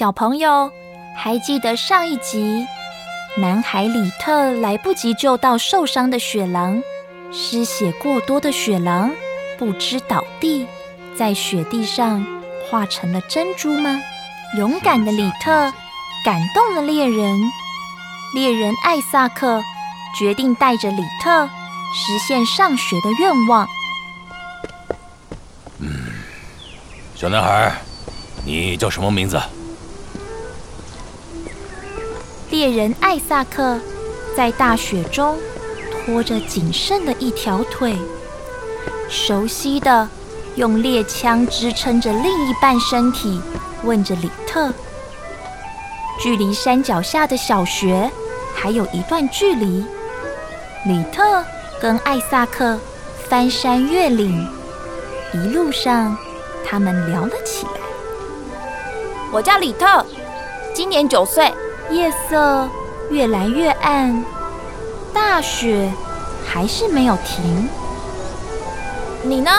小朋友還記得上一集，男孩里特來不及救到受傷的雪狼，失血過多的雪狼不支倒地，在雪地上化成了珍珠嗎？勇敢的里特感動了獵人，獵人艾薩克決定帶着里特實現上學的願望。嗯，小男孩，你叫什麼名字？獵人艾薩克在大雪中拖着僅剩的一條腿，熟悉的用獵槍支撐着另一半身體，問着里特：“距離山腳下的小學還有一段距離。”里特跟艾薩克翻山越嶺，一路上他們聊了起來。“我叫里特，今年九歲。”夜色越來越暗，大雪還是沒有停。你呢？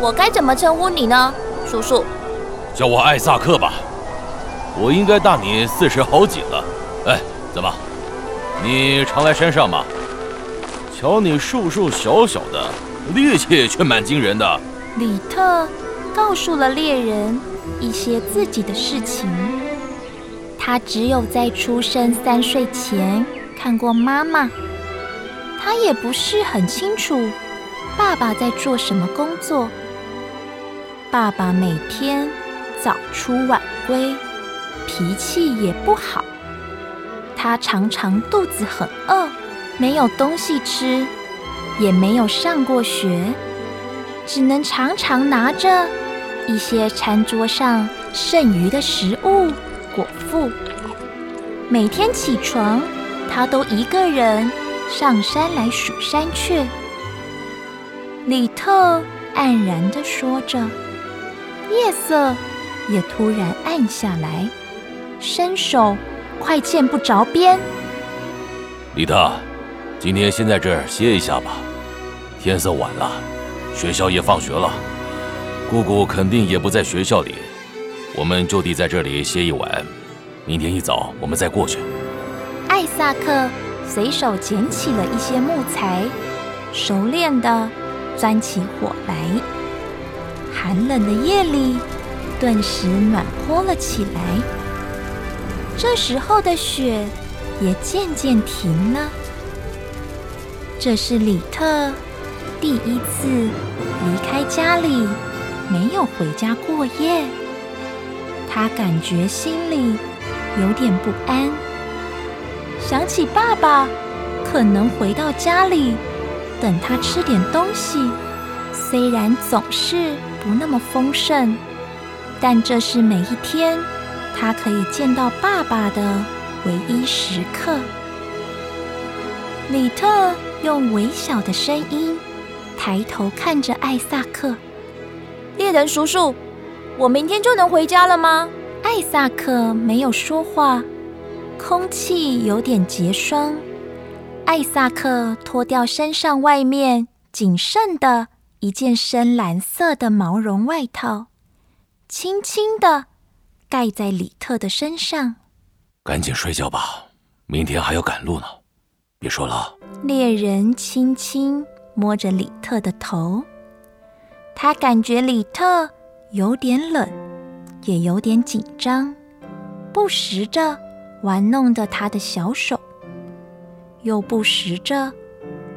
我該怎麼稱呼你呢？叔叔，叫我艾薩克吧。我應該大你四十好幾了。哎，怎麼？你常來山上嗎？瞧你瘦瘦小小的，力氣卻蠻驚人的。里特告訴了獵人一些自己的事情。他只有在出生三歲前看過媽媽，他也不是很清楚爸爸在做什麼工作。爸爸每天早出晚歸，脾氣也不好。他常常肚子很餓，沒有東西吃，也沒有上過學，只能常常拿着一些餐桌上剩餘的食物。果腹，每天起床，他都一個人上山來數山雀。里特黯然的說着，夜色也突然暗下來，伸手快見不着邊。里特，今天先在這兒歇一下吧，天色晚了，學校也放學了，姑姑肯定也不在學校裡。我們就地在這裡歇一晚，明天一早我們再過去。艾薩克隨手撿起了一些木材，熟練地鑽起火來。寒冷的夜裡，頓時暖和了起來。這時候的雪也漸漸停了。這是里特第一次離開家裡，沒有回家過夜。他感覺心裡有點不安，想起爸爸可能回到家裡等他吃點東西。雖然總是不那麼豐盛，但這是每一天他可以見到爸爸的唯一時刻。里特用微小的聲音抬頭看着艾薩克，獵人叔叔。我明天就能回家了嗎？艾薩克沒有說話。空氣有點結霜。艾薩克脫掉身上外面僅剩的一件深藍色的毛絨外套，輕輕的蓋在里特的身上。趕緊睡覺吧，明天還要趕路呢。別說了。獵人輕輕摸着里特的頭，他感覺里特，有點冷，也有點緊張，不時着玩弄着他的小手，又不時着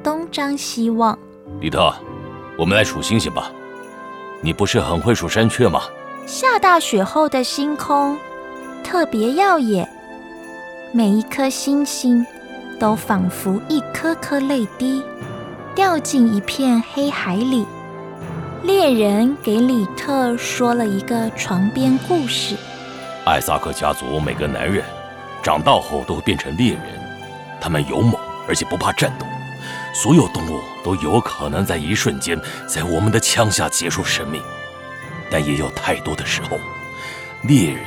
東張西望。里特，我們來數星星吧。你不是很會數山雀嗎？下大雪後的星空特別耀眼，每一顆星星都仿佛一顆顆淚滴，掉進一片黑海裡。獵人給里特說了一個床邊故事。艾薩克家族每個男人長大後都會變成獵人，他們勇猛，而且不怕戰鬥。所有動物都有可能在一瞬間在我們的槍下結束生命，但也有太多的時候，獵人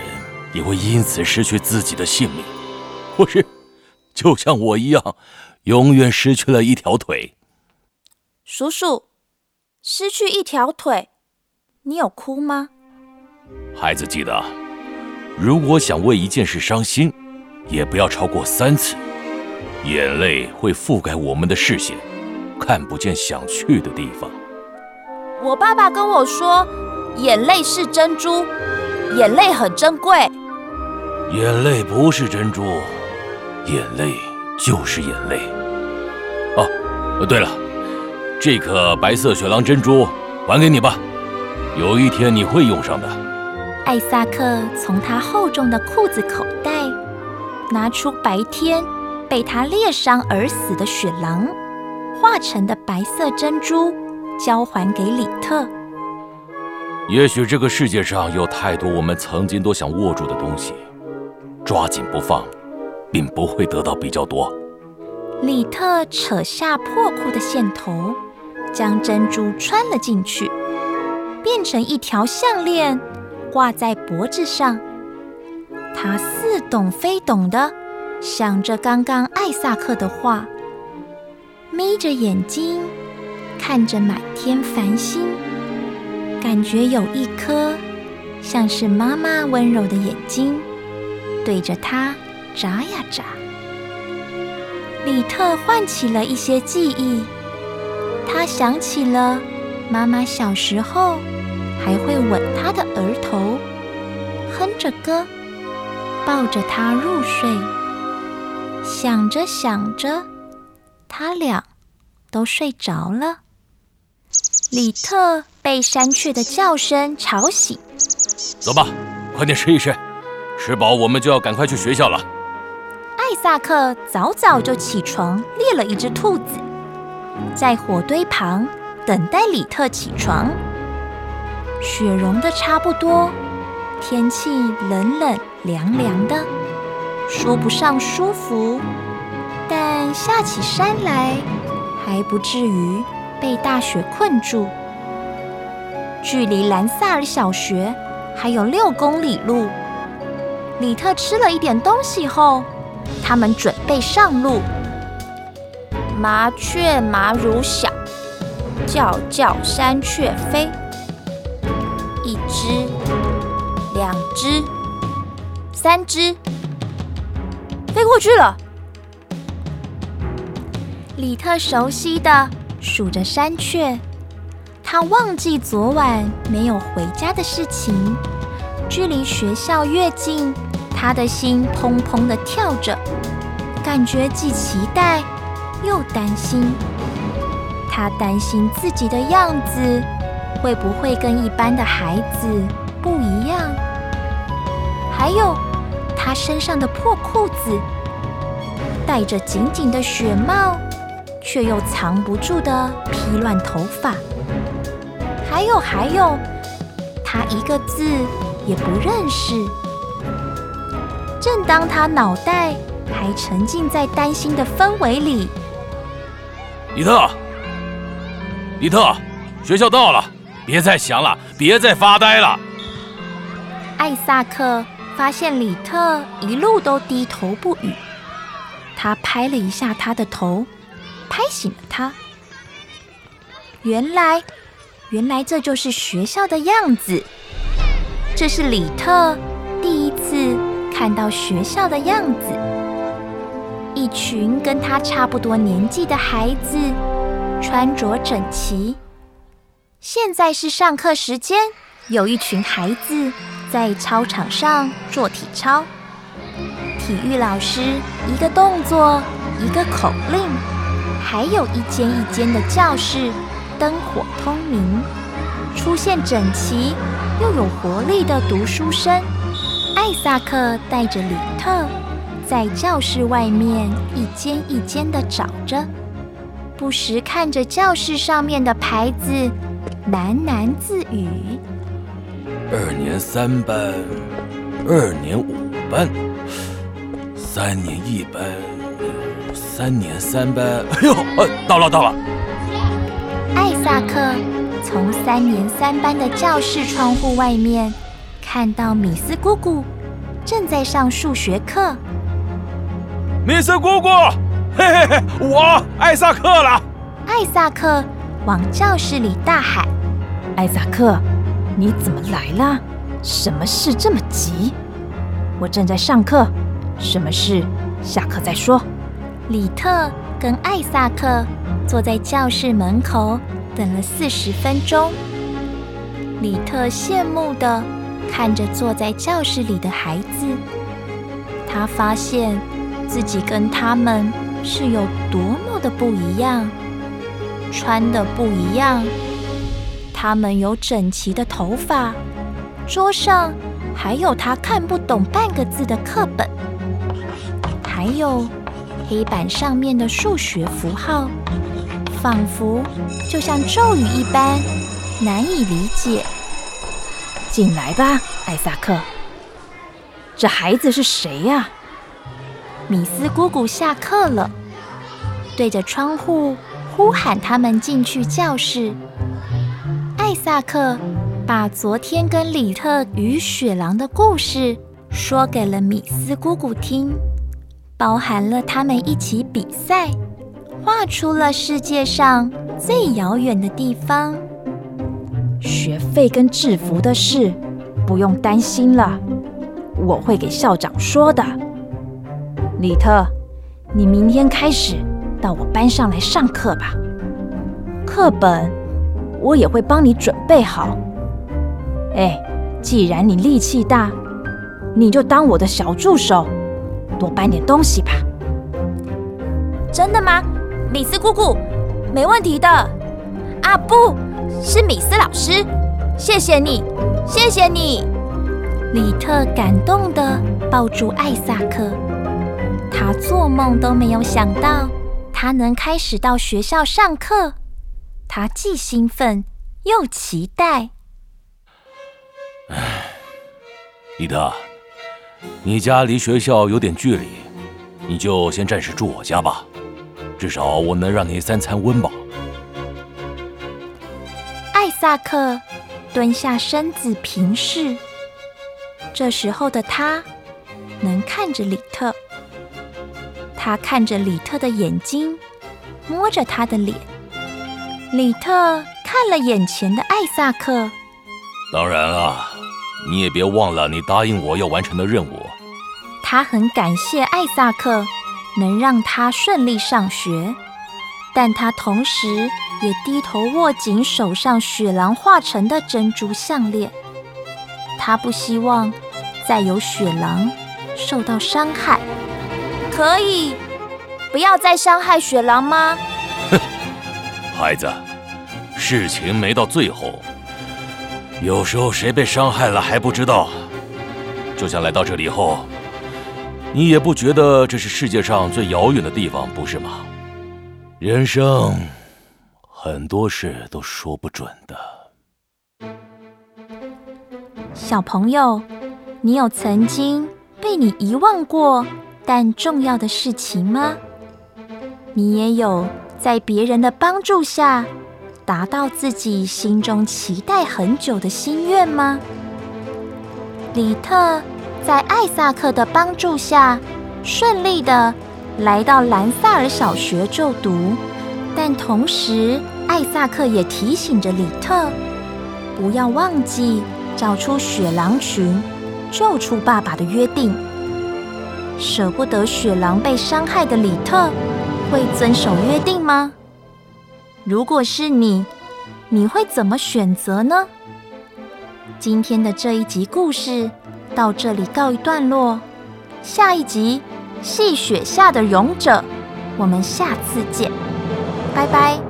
也會因此失去自己的性命，或是就像我一樣，永遠失去了一條腿。叔叔。失去一條腿，你有哭嗎？孩子，記得，如果想為一件事傷心，也不要超過三次。眼淚會覆蓋我們的視線，看不見想去的地方。我爸爸跟我說，眼淚是珍珠，眼淚很珍貴。眼淚不是珍珠，眼淚就是眼淚。哦，對了。這顆白色雪狼珍珠還給你吧，有一天你會用上的。艾薩克從他厚重的褲子口袋拿出白天被他獵殺而死的雪狼化成的白色珍珠，交還給里特。也許這個世界上有太多我們曾經都想握住的東西，抓緊不放，並不會得到比較多。里特扯下破褲的線頭。將珍珠穿了進去，變成一條項鏈，掛在脖子上。他似懂非懂地想着剛剛艾薩克的話，眯着眼睛看着滿天繁星，感覺有一顆像是媽媽溫柔的眼睛對着他眨呀眨。里特喚起了一些記憶。他想起了媽媽小時候還會吻他的額頭，哼着歌，抱着他入睡。想着想着，他倆都睡着了。里特被山雀的叫聲吵醒，走吧，快點吃一吃，吃飽我們就要趕快去學校了。艾薩克早早就起床，獵了一只兔子。在火堆旁等待里特起床，雪融的差不多，天氣冷冷涼涼的，說不上舒服，但下起山來還不至於被大雪困住。距離蘭薩爾小學還有六公里路，里特吃了一點東西後，他們準備上路。麻雀麻如小，叫叫山雀飛。一隻，兩隻，三隻，飛過去了。里特熟悉的數着山雀，他忘記昨晚沒有回家的事情。距離學校越近，他的心砰砰的跳着，感覺既期待，又擔心，他擔心自己的樣子會不會跟一般的孩子不一樣，還有他身上的破褲子，戴着緊緊的雪帽，卻又藏不住的披亂頭髮，還有還有，他一個字也不認識。正當他腦袋還沉浸在擔心的氛圍裡。里特，里特，學校到了，別再想了，別再發呆了。艾薩克發現里特一路都低頭不語，他拍了一下他的頭，拍醒了他。原來，原來這就是學校的樣子，這是里特第一次看到學校的樣子。一群跟他差不多年紀的孩子，穿着整齊。現在是上課時間，有一群孩子在操場上做體操。體育老師一個動作一個口令，還有一間一間的教室燈火通明，出現整齊又有活力的讀書聲。艾薩克帶着里特。在教室外面一間一間的找着，不時看着教室上面的牌子，喃喃自語：“二年三班，二年五班，三年一班，三年三班。”哎呦，呃，到了到了！艾薩克從三年三班的教室窗戶外面看到米斯姑姑正在上數學課。米斯姑姑，嘿嘿嘿，我艾薩克了！艾薩克往教室裡大喊：“艾薩克，你怎麼來了？什麼事這麼急？”我正在上課，什麼事？下課再說。里特跟艾薩克坐在教室門口等了四十分鐘。里特羨慕地看着坐在教室裡的孩子，他發現。自己跟他們是有多麼的不一樣，穿的不一樣。他們有整齊的頭髮，桌上還有他看不懂半個字的課本，還有黑板上面的數學符號，仿佛就像咒語一般難以理解。進來吧，艾薩克。這孩子是誰呀、啊？米斯姑姑下課了，對着窗戶呼喊他們進去教室。艾薩克把昨天跟里特與雪狼的故事說給了米斯姑姑聽，包含了他們一起比賽，畫出了世界上最遙遠的地方。學費跟制服的事不用擔心了，我會給校長說的。里特，你明天開始到我班上來上課吧。課本我也會幫你準備好。誒，既然你力氣大，你就當我的小助手，多搬點東西吧。真的嗎，米斯姑姑？沒問題的。啊，不，是米斯老師，謝謝你，謝謝你。里特感動地抱住艾薩克。他做夢都沒有想到，他能開始到學校上課。他既興奮又期待。哎，里特，你家離學校有點距離，你就先暫時住我家吧，至少我能讓你三餐溫飽。艾薩克蹲下身子，平視，這時候的他能看着里特。他看着里特的眼睛，摸着他的臉。里特看了眼前的艾薩克，當然了，你也別忘了你答應我要完成的任務。他很感謝艾薩克能讓他順利上學，但他同時也低頭握緊手上雪狼化成的珍珠項鏈。他不希望再有雪狼受到傷害。可以不要再傷害雪狼嗎？哼，孩子，事情沒到最後，有時候誰被傷害了還不知道。就像來到這裡後，你也不覺得這是世界上最遙遠的地方，不是嗎？人生很多事都說不準的。小朋友，你有曾經被你遺忘過但重要的事情嗎？你也有在別人的幫助下達到自己心中期待很久的心願嗎？里特在艾薩克的幫助下順利的來到蘭薩爾小學就讀，但同時艾薩克也提醒着里特，不要忘記找出雪狼群，救出爸爸的約定。捨不得雪狼被傷害的里特，會遵守約定嗎？如果是你，你會怎麼選擇呢？今天的這一集故事到這裡告一段落，下一集是雪下的勇者，我們下次見，拜拜。